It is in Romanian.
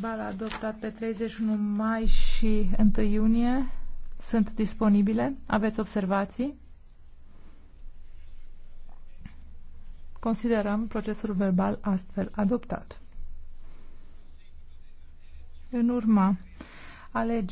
Bal adoptat pe 31 mai și 1 iunie sunt disponibile. Aveți observații? Considerăm procesul verbal astfel adoptat. În urma alege